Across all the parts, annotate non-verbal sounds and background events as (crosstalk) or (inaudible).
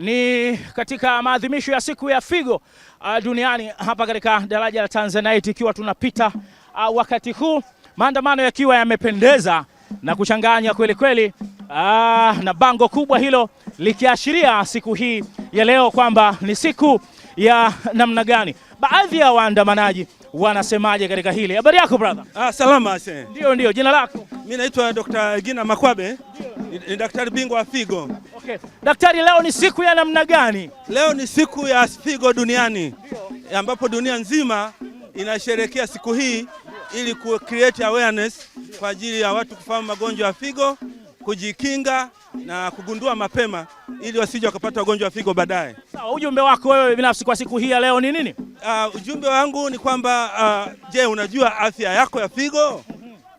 Ni katika maadhimisho ya siku ya figo uh, duniani hapa katika daraja la Tanzanite, ikiwa tunapita uh, wakati huu maandamano yakiwa yamependeza na kuchanganya kweli kweli, uh, na bango kubwa hilo likiashiria siku hii ya leo kwamba ni siku ya namna gani. Baadhi ya waandamanaji wanasemaje katika hili? Habari yako brother? Ah, salama. Ndio, ndio. Jina lako? Mimi naitwa Dr. Gina Makwabe ni, daktari bingwa wa figo. Okay. Daktari, leo ni siku ya namna gani? Leo ni siku ya figo duniani ambapo dunia nzima inasherehekea siku hii ili ku create awareness kwa ajili ya watu kufahamu magonjwa ya figo, kujikinga na kugundua mapema ili wasije wakapata ugonjwa wa figo baadaye. Sawa, ujumbe wako wewe binafsi kwa siku hii ya leo ni nini? Uh, ujumbe wangu ni kwamba uh, je, unajua afya yako ya figo?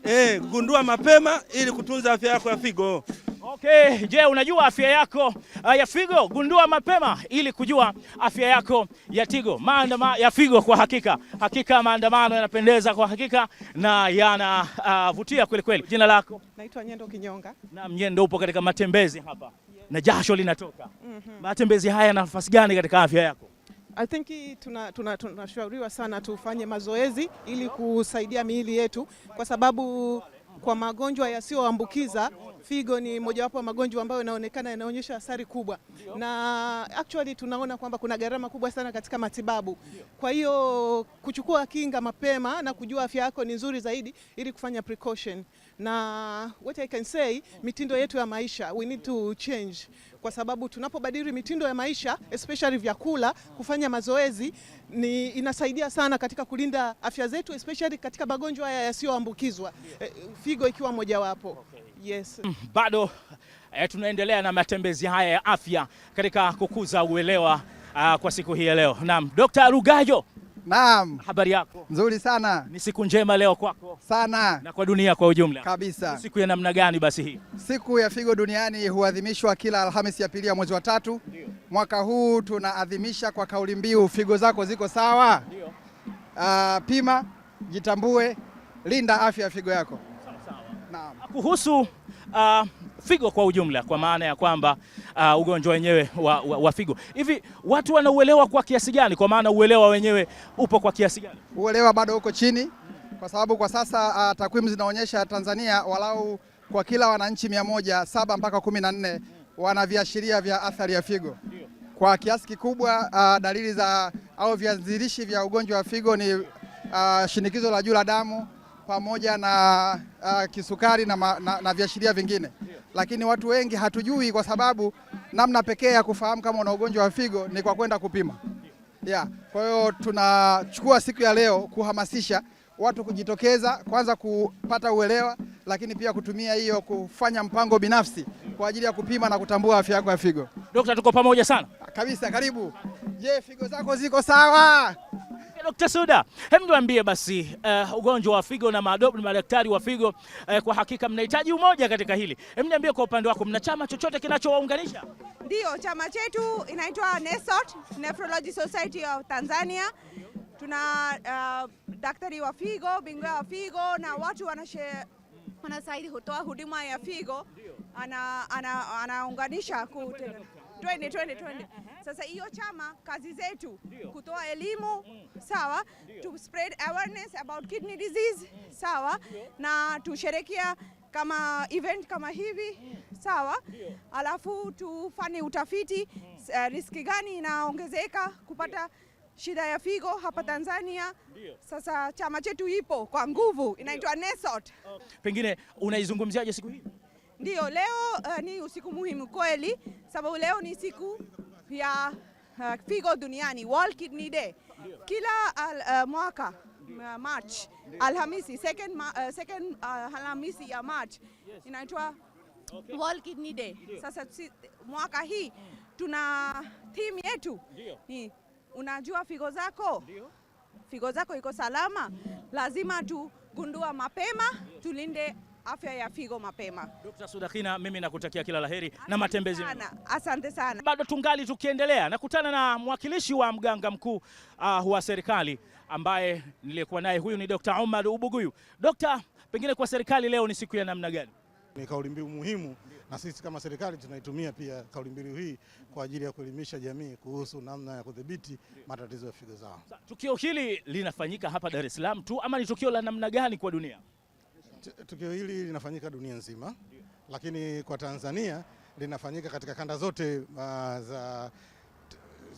eh, gundua mapema ili kutunza afya yako ya figo. Okay, je, unajua afya yako ah, ya figo? Gundua mapema ili kujua afya yako ya tigo. Maandama ya figo kwa hakika. Hakika maandamano yanapendeza kwa hakika na yanavutia uh, kweli kweli. Jina lako? Naitwa Nyendo Kinyonga. Na Nyendo upo katika matembezi hapa. Yes. Na jasho linatoka. Mm -hmm. Matembezi haya na nafasi gani katika afya yako? I think tunashauriwa tuna, tuna, tuna sana tufanye mazoezi ili kusaidia miili yetu kwa sababu kwa magonjwa yasiyoambukiza figo ni mojawapo wa magonjwa ambayo yanaonekana yanaonyesha athari kubwa, na actually tunaona kwamba kuna gharama kubwa sana katika matibabu. Kwa hiyo kuchukua kinga mapema na kujua afya yako ni nzuri zaidi, ili kufanya precaution na what I can say, mitindo yetu ya maisha we need to change, kwa sababu tunapobadili mitindo ya maisha especially vyakula, kufanya mazoezi ni inasaidia sana katika kulinda afya zetu especially katika magonjwa haya yasiyoambukizwa, eh, figo ikiwa mojawapo. Yes. Mm, bado eh, tunaendelea na matembezi haya ya afya katika kukuza uelewa uh, kwa siku hii ya leo. Naam, Dr. Rugayo. Naam. Habari yako? Nzuri sana. Ni siku njema leo kwako. Sana. Na kwa dunia kwa ujumla. Kabisa. Siku ya namna gani basi hii? Siku ya figo duniani huadhimishwa kila Alhamisi ya pili ya mwezi wa tatu. Ndio. Mwaka huu tunaadhimisha kwa kauli mbiu figo zako ziko sawa? Ndio. Uh, pima, jitambue, linda afya ya figo yako. Naam. Kuhusu uh, figo kwa ujumla kwa maana ya kwamba uh, ugonjwa wenyewe wa, wa, wa figo hivi watu wanauelewa kwa kiasi gani? Kwa maana uelewa wenyewe upo kwa kiasi gani? Uelewa bado uko chini kwa sababu kwa sasa uh, takwimu zinaonyesha Tanzania walau kwa kila wananchi mia moja saba mpaka kumi na nne wana viashiria vya athari ya figo. Kwa kiasi kikubwa uh, dalili za au vianzilishi vya ugonjwa wa figo ni uh, shinikizo la juu la damu pamoja na uh, kisukari na, na, na viashiria vingine, lakini watu wengi hatujui, kwa sababu namna pekee ya kufahamu kama una ugonjwa wa figo ni kwa kwenda kupima yeah. Kwa hiyo tunachukua siku ya leo kuhamasisha watu kujitokeza, kwanza kupata uelewa, lakini pia kutumia hiyo kufanya mpango binafsi kwa ajili ya kupima na kutambua afya yako ya figo. Dokta, tuko pamoja sana kabisa. Karibu. Je, figo zako ziko sawa? Dr. Suda, hem niambie basi uh, ugonjwa wa figo na na madaktari wa figo uh, kwa hakika mnahitaji umoja katika hili. Hem niambie kwa upande wako, mna chama chochote kinachowaunganisha? Ndio, chama chetu inaitwa NESOT, Nephrology Society of Tanzania. Tuna uh, daktari wa figo, bingwa wa figo na watu wanashe wanastahili hutoa huduma ya figo, Ana anaunganisha ana, ana 2020 20, 20. Sasa hiyo chama kazi zetu kutoa elimu mm. sawa, to spread awareness about kidney disease mm. sawa, na tusherekea kama event kama hivi mm. sawa, alafu tufanye utafiti uh, eh, riski gani inaongezeka kupata shida ya figo hapa Tanzania. Sasa chama chetu ipo kwa nguvu, inaitwa NESOT. Pengine unaizungumziaje siku hii? ndio leo uh, ni usiku muhimu kweli, sababu leo ni siku ya uh, figo duniani World Kidney Day kila al, uh, uh, mwaka uh, March Alhamisi second, ma, uh, second uh, Alhamisi ya March inaitwa World Kidney Day. Sasa mwaka hii tuna theme yetu ni unajua figo zako Figo zako iko salama, lazima tugundua mapema, tulinde afya ya figo mapema. Dr. Sudakina, mimi nakutakia kila laheri na matembezi. Asante sana. Bado tungali tukiendelea, nakutana na mwakilishi wa mganga mkuu uh, wa serikali ambaye nilikuwa naye, huyu ni Dr. Omar Ubuguyu. Dr. pengine kwa serikali leo ni siku ya namna gani? Ni kauli mbiu muhimu na sisi kama serikali tunaitumia pia kauli mbiu hii kwa ajili ya kuelimisha jamii kuhusu namna ya kudhibiti matatizo ya figo zao. Tukio hili linafanyika hapa Dar es Salaam tu ama ni tukio la namna gani kwa dunia? Tukio hili linafanyika dunia nzima, lakini kwa Tanzania linafanyika katika kanda zote uh, za,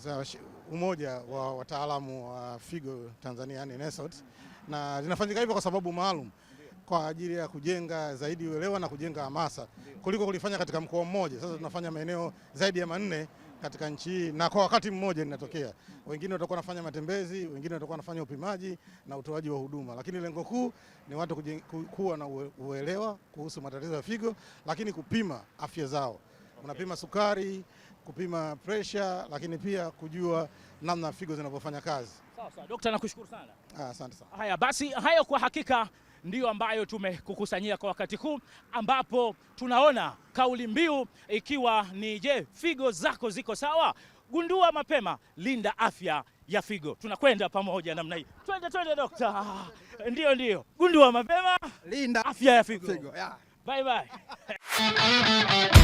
za umoja wa wataalamu wa figo Tanzania, yani NESOT, na linafanyika hivyo kwa sababu maalum kwa ajili ya kujenga zaidi uelewa na kujenga hamasa kuliko kulifanya katika mkoa mmoja. Sasa tunafanya maeneo zaidi ya manne katika nchi hii na kwa wakati mmoja inatokea. Wengine watakuwa wanafanya matembezi, wengine watakuwa wanafanya upimaji na utoaji wa huduma, lakini lengo kuu ni watu kuwa na uelewa kuhusu matatizo ya figo, lakini kupima afya zao. Unapima sukari, kupima presha, lakini pia kujua namna figo zinavyofanya kazi. Sawa sawa, daktari, nakushukuru sana. Ah, asante sana. Haya basi, hayo kwa hakika ndiyo ambayo tumekukusanyia kwa wakati huu ambapo tunaona kauli mbiu ikiwa ni je, figo zako ziko sawa? Gundua mapema, linda afya ya figo. Tunakwenda pamoja namna hii, twende twende dokta. ndio ndio gundua mapema, linda afya ya figo, figo yeah. Bye, bye. (laughs)